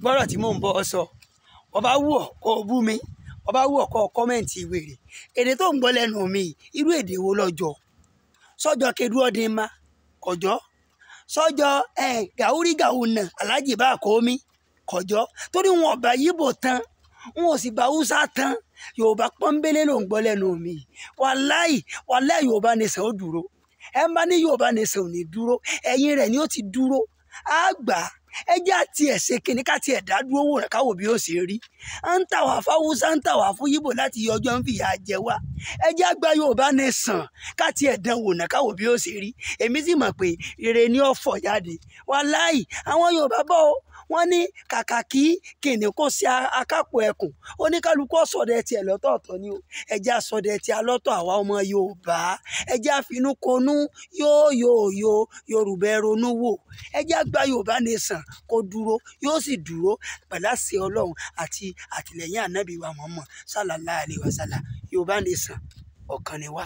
gbọ́rọ̀ tí mò ń bọ́ ọ sọ ọba wù ọ kó o bú mi ọba wù ọ kó o kọ́mẹ̀ǹtì wèrè èdè tó ń gbọ́ lẹ́nu mi irú èdè wo lọ́jọ́ sọ́jọ́ kedu ọdín ma kọjọ́ sọ́jọ́ ẹ̀ gàúrí gàúnà alájì bá kó mi kọjọ́ torí wọn ọba yíbò tán n ò sì bá húsá tán yorùbá pọ́nbélé ló ń gbọ́ lẹ́nu mi wàláì wàláì yorùbá nìṣẹ́ ó dúró ẹ má ní yorùbá nìṣẹ́ ò ní dúró ẹ̀yìn rẹ̀ ni ó ti dúró á gbà á ẹ jẹ́ àti ẹ̀sẹ̀ kìnní ká tiẹ̀ dá dúró wòrán káwò bí ó ṣe rí à ń tà wá fáwùsà ń tà wá fún yíbò láti yọ ń fìyà jẹ wá ẹ jẹ́ àgbà Yorùbá nation ká tiẹ̀ dánwò náà káwò bí ó ṣe rí èmi sì mọ̀ pé rere ni ó fọ̀ jáde wàláì àwọn Yorùbá bọ̀ ó wọ́n ní kàkà kí kìnìún kò sí akápò ẹkùn oníkálukú ọ̀sọ̀dẹ tiẹ̀ lọ́tọ̀ọ̀tọ̀ ni o ẹja sọ̀dẹ tí a lọ́tọ̀ àwa ọmọ Yorùbá ẹja finúkonú yóò yóò yo Yorùbá ronú wò ẹja gba Yorùbá nation kó dúró yóò sì dúró pẹ̀láṣẹ Ọlọ́run àti àtìlẹ́yìn ànábìwá mọ́mọ́ sálàlá àlè wàsálà yorùbá nation ọ̀kan ni wá